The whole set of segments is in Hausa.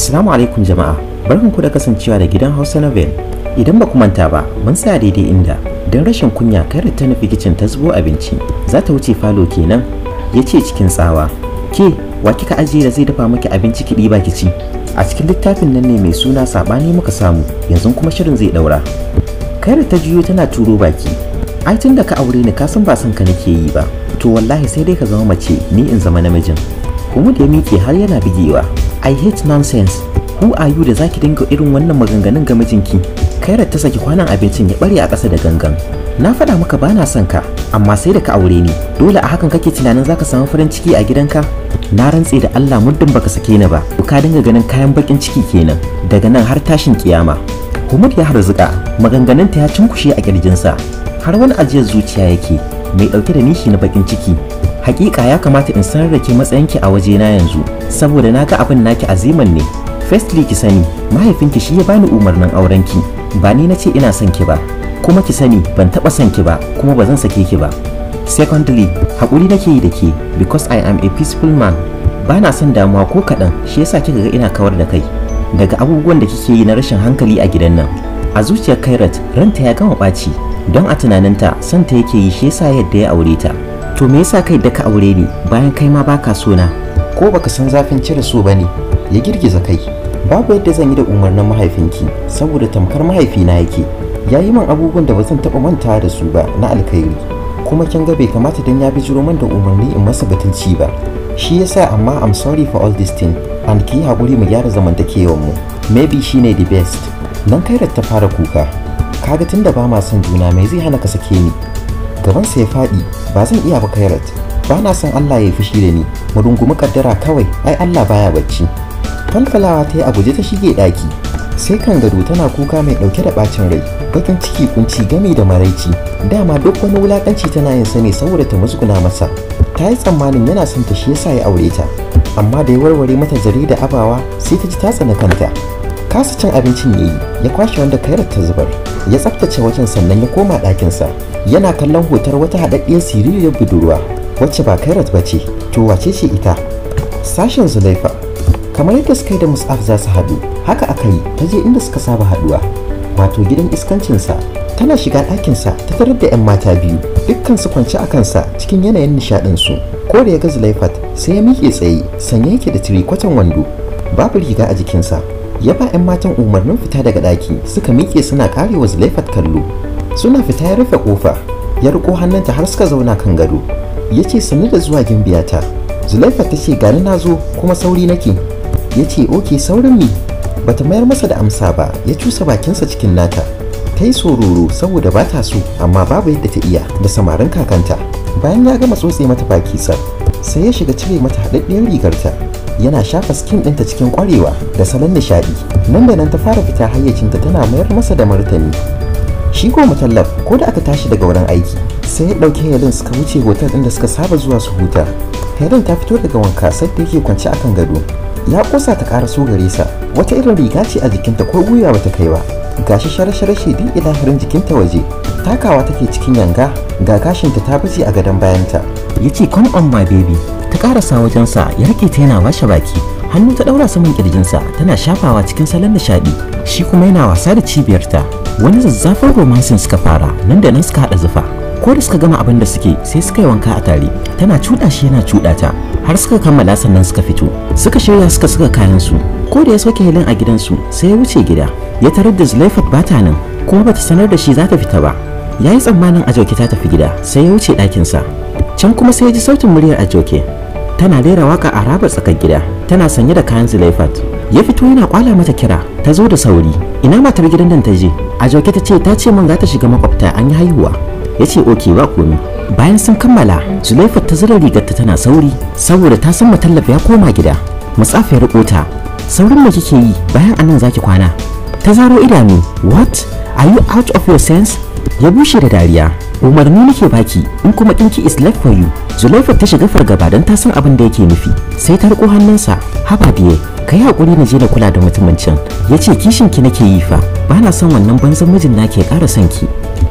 Assalamu alaikum jama'a, ku da kasancewa da gidan Hausa na Novel. Idan ba ku manta ba, mun sa daidai inda don rashin kunya kare ta nufi kicin ta zubo abinci, za ta wuce falo kenan, ya ce cikin tsawa. Ke, wa kika ajiye da zai dafa maki abinci ki ɗiba ki ci? A cikin littafin nan ne mai suna saɓani muka samu, yanzu kuma shirin zai ɗaura. Kaira ta juyo tana turo baki. Ai tun da ka aure ni ka san ba san ka nake yi ba. To wallahi sai dai ka zama mace, ni in zama namijin. Huhu da ya miƙe har yana bigewa. I hate nonsense. Who are you da zaki dinga irin wannan maganganun ga mijinki? kaira ta saki kwanan abincin ya bare a ƙasa da gangan. Na faɗa maka bana son ka, amma sai da ka aure ni. Dole a hakan kake tunanin zaka samu farin ciki a gidanka? Na rantse da Allah muddin baka sake ni ba. Ka dinga ganin kayan bakin ciki kenan. Daga nan har tashin kiyama. Humud ya harzuka, maganganunta ya cunkushe a kirjinsa. Har wani ajiyar zuciya yake, mai ɗauke da nishi na bakin ciki. hakika ya kamata in sanar da ke matsayinki a waje na yanzu saboda na ga abin naki aziman ne firstly ki sani mahaifinki shi ya bani umarnin aurenki ba ni na ce ina son ki ba kuma ki sani ban taba son ki ba kuma ba zan sake ki ba secondly hakuri nake yi da ke because i am a peaceful man ba na son damuwa ko kaɗan shi yasa kika ga ina kawar da kai daga abubuwan da kike yi na rashin hankali a gidan nan a zuciyar kairat ranta ya gama ɓaci don a tunaninta son ta yake yi shi yasa yadda ya aure ta to me yasa kai da ka aure ni bayan kai ma baka so na ko baka san zafin cire so bane ya girgiza kai babu yadda zan yi da umarnin mahaifinki saboda tamkar mahaifina yake ya yi min abubuwan da ba zan taɓa mantawa da su ba na alkhairi kuma kin ga bai kamata dan ya bi jiro man da umarni in masa batunci ba shi yasa amma I'm sorry for all this thing and ki haƙuri mu gyara zamantakewar mu maybe shine the best nan da ta fara kuka kaga tunda ba ma son juna me zai hana ka sake ni gaban ya faɗi ba zan iya ba kairat ba na san Allah ya fushi da ni mu rungumi kaddara kawai ai Allah baya bacci falfalawa ta yi a guje ta shige ɗaki sai kan gado tana kuka mai ɗauke da ɓacin rai bakin ciki kunci gami da maraici dama duk wani wulaƙanci tana yin sa ne saboda ta musguna masa ta yi tsammanin yana son ta shi yasa ya aure ta amma da ya warware mata zare da abawa sai ta ji ta tsana kanta kasa cin abincin ya yi, ya kwashe wanda kairat ta zubar ya tsaftace wajen sannan ya koma ɗakinsa yana kallon hotar wata haɗaɗɗiyar siririyar budurwa wacce ba kairat ba ce to wace ce ita sashen zulaifa kamar yadda suka yi da mus'af za su haɗu haka aka yi ta je inda suka saba haɗuwa wato gidan iskancinsa tana shiga ɗakinsa ta tarar da 'yan mata biyu dukkan su kwance a kansa cikin yanayin nishaɗinsu ko da ya ga zulaifat sai ya miƙe tsaye sanye yake da tiri kwatan wando babu riga a jikinsa ya ba 'yan matan umarnin fita daga ɗaki suka miƙe suna wa zulaifat kallo suna fita ya rufe ƙofa ya riko hannunta har suka zauna kan gado ya ce sannu da zuwa gimbiyata zulaifat ta ce gani na zo kuma sauri nake ya ce oke saurin mi bata mayar masa da amsa ba ya cusa bakinsa cikin nata ta yi sororo saboda ba ta so amma babu yadda ta iya da samarin kakanta bayan ya gama tsotse mata baki sar sai ya shiga cire mata haɗaɗɗiyar rigarta yana shafa skin ɗinta cikin ƙwarewa da salon nishaɗi nan da nan ta fara fita hayyacinta tana mayar masa da martani shi ko mutallaf ko da aka tashi daga wurin aiki sai ya ɗauki helen suka wuce hotel ɗin da suka saba zuwa su huta helen ta fito daga wanka sai da yake kwance a kan gado ya kosa ta ƙara so gare sa wata irin riga ce a jikinta ko gwiwa bata kai ba gashi share-share shi duk ilahirin jikinta waje takawa take cikin yanga ga gashinta ta baje a gadon bayanta yace come on my baby ta karasa wajensa ya rike ta yana washe baki hannu ta daura saman kirjinsa tana shafawa cikin salon nishadi shi kuma yana wasa da cibiyarta wani zazzafin romansin suka fara nan da nan suka hada zufa ko da suka gama abin da suke sai suka yi wanka a tare tana cuɗa shi yana cuɗa ta har suka kammala sannan suka fito suka shirya suka saka kayan su ko da ya soke helin a gidansu sai ya wuce gida ya tarar da Zulaifat bata nan kuma bata sanar da shi za ta fita ba Ya yi tsammanin a ta tafi gida sai ya wuce ɗakinsa can kuma sai ya ji sautin muryar a joke tana rera waka a raba tsakar gida tana sanye da kayan zilaifat ya fito yana kwala mata kira ta zo da sauri ina matar gidan nan ta je a joke ta ce ta ce min za ta shiga makwabta an yi haihuwa ya ce oke ba komi bayan sun kammala zulaifat ta zira rigarta tana sauri saboda ta san matallaf ya koma gida mutsafa ya riko saurin da kike yi bayan anan zaki kwana ta zaro idanu what are you out of your sense ya bushe da dariya umarni nake baki in kuma ɗinki is left for you zulaifa ta shiga fargaba don ta san abin da yake nufi sai ta riko hannunsa haba biye ka yi haƙuri na je na kula da mutumin can ya kishin ki nake yi fa ba na son wannan banzan mijin na ke ƙara son ki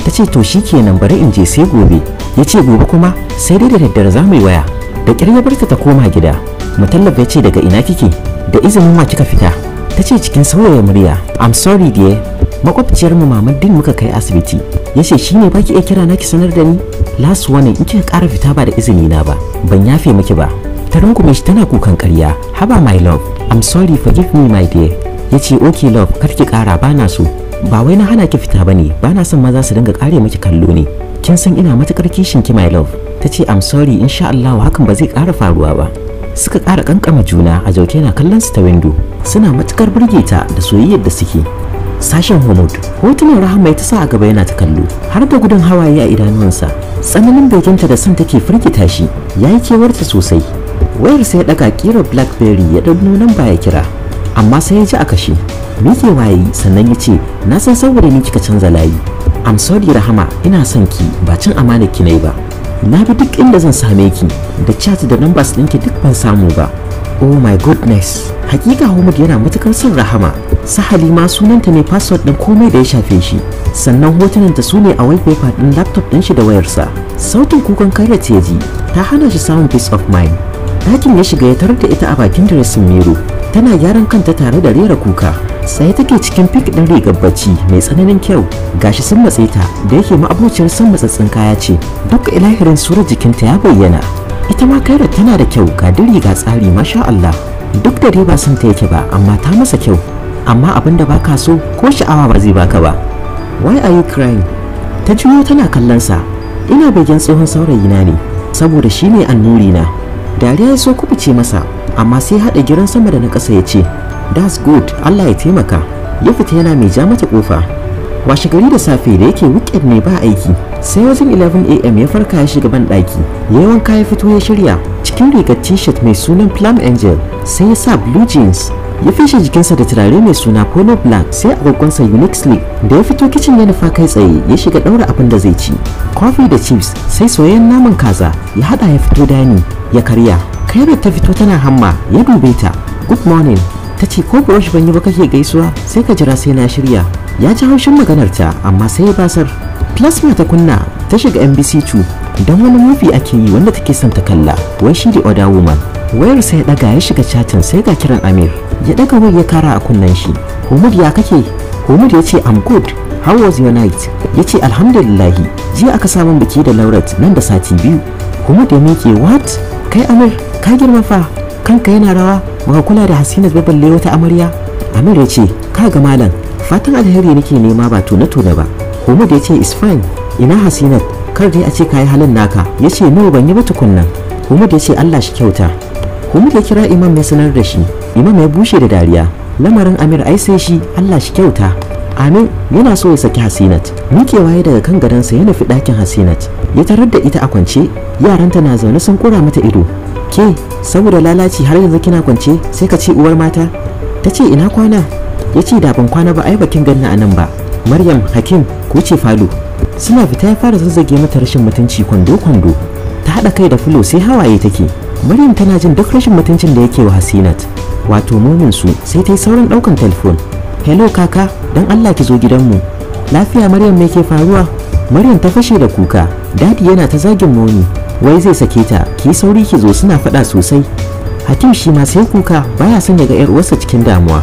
ta to shi kenan bari in je sai gobe yace gobe kuma sai dai da daddare za mu yi waya da ƙyar ya barta ta koma gida mutallaf ya ce daga ina kike da izinin ma kika fita tace cikin sauya murya i'm sorry dear Makwabciyarmu mu maman din muka kai asibiti yace shine ba ki iya kira na ki sanar da ni last warning in kika ƙara fita ba da izini na ba ban yafe miki ba ta rungume shi tana kukan ƙarya haba my love i'm sorry forgive me my dear yace okay love kar ki ƙara bana so ba wai na hana ki fita bane bana son maza su dinga kare miki kallo ne kin san ina matukar kishin ki my love tace i'm sorry insha Allah hakan ba zai ƙara faruwa ba suka ƙara kankama juna a jauke na kallon su ta windo suna matukar burge ta da soyayyar da suke sashen homot hotunan Rahama ya ta sa a gaba yana ta kallo har da gudun hawaye a idanuwansa tsananin beginta da son take firgita shi ya yi kewarta sosai wayar sai ya daga kirar blackberry ya dan nunan baya kira amma sai ya ji a kashe mike waye sannan ya ce na san saboda ni kika canza layi I'm sorry rahama ina son ki ba cin amana ki ne ba na bi duk inda zan same ki da chat da numbers ɗinki duk ban samu ba oh my goodness hakika Homud yana matukar son rahama sahali ma sunanta ne password ɗin komai da ya shafe shi sannan hotunanta su ne a wallpaper ɗin laptop ɗin shi da wayarsa sautin kukan kai da teji ta hana shi samun peace of mind ɗakin ya shiga ya tarar da ita a bakin dressing mirror tana gyaran kanta tare da rera kuka sai take cikin fik ɗin rigar bacci mai tsananin kyau gashi sun matse ta da yake ma'abuciyar son matsatsin kaya ce duk ilahirin surar jikinta ya bayyana ita ma kaira tana da kyau ga diri ga tsari masha Allah duk da dai ba son ta yake ba amma ta masa kyau amma abin da baka so ko sha'awa ba zai baka ba why are you crying ta juyo tana kallon sa ina begen tsohon saurayi na ne saboda shine annuri na dariya ya so kubuce masa amma sai haɗa girin sama da na ƙasa ya ce that's good Allah ya taimaka ya fita yana mai ja mata kofa washe gari da safe da yake weekend ne ba aiki sai wajen 11 am ya farka ya shiga ban daki ya wanka ya fito ya shirya cikin rigar t-shirt mai sunan plum angel sai ya sa blue jeans ya fishe jikinsa da turare mai suna polo black sai agogonsa unique sleep da ya fito kicin ya nufa kai tsaye ya shiga daura abin da zai ci coffee da chips sai soyayyen naman kaza ya hada ya fito dani ya karya kai da ta fito tana hamma ya dube ta good morning ta ce ko ba ban yi ba kake gaisuwa sai ka jira sai na shirya ya ci haushin maganar ta amma sai ya basar plasma ta kunna ta shiga mbc2 don wani mafi ake yi wanda take son ta kalla wai shi da oda woman wayar sai ya daga ya shiga chatin sai ga kiran amir ya daga wai ya kara a kunnen shi homer ya kake homer ya ce i'm good how was your night ya ce alhamdulillahi jiya aka samun biki da laurat nan da sati biyu homer ya miƙe what kai amir ka girma fa kanka yana rawa muka kula da hasinat babban balle wata amarya amir ya ce ka ga malam fatan alheri nake nema ba tuna tuna ba kuma da ya ce is fine ina hasinat kar dai a ce kayi halin naka ya ce no ban yi ba tukunna kuma da ya ce allah shi kyauta kuma da kira imam mai sanar da shi imam ya bushe da dariya lamarin amir ai sai shi allah shi kyauta amin yana so ya saki hasinat mikewa ya daga kan gadonsa ya nufi ɗakin hasinat ya tarar da ita a kwance yaranta na zaune sun kura mata ido ke saboda lalaci har yanzu kina kwance sai ka ce uwar mata ta ce ina kwana ya ce da ban kwana ba ai bakin ganna a nan ba maryam hakim ko ce falo suna fita ya fara zazzage mata rashin mutunci kwando kwando ta haɗa kai da fulo sai hawaye take maryam tana jin duk rashin mutuncin da yake wa hasinat wato momin su sai ta yi sauran ɗaukan telefon hello kaka don allah ki zo gidanmu lafiya maryam me ke faruwa maryam ta fashe da kuka dadi yana ta zagin momi wai zai sake ta ki sauri ki zo suna faɗa sosai hakim shi ma sai kuka baya son ya ga yar uwarsa cikin damuwa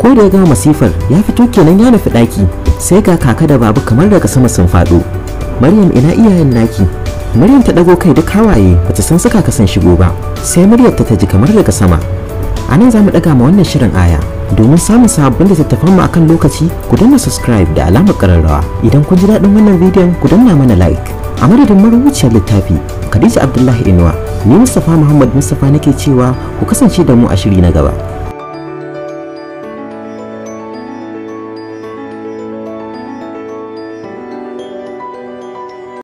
ko da ya gama masifar ya fito kenan ya nufi ɗaki sai ga kaka da babu kamar daga sama sun faɗo maryam ina iyayen naki maryam ta ɗago kai duk hawaye bata san suka kasan shigo ba sai maryam ta taji kamar daga sama a nan za mu ɗaga ma wannan shirin aya domin samun sabbin littattafan mu akan lokaci ku danna subscribe da alamar ƙararrawa idan kun ji daɗin wannan bidiyon ku danna mana like a madadin marubuciyar littafi khadija abdullahi inuwa ni mustapha muhammad mustapha nake cewa ku kasance da mu a shiri na gaba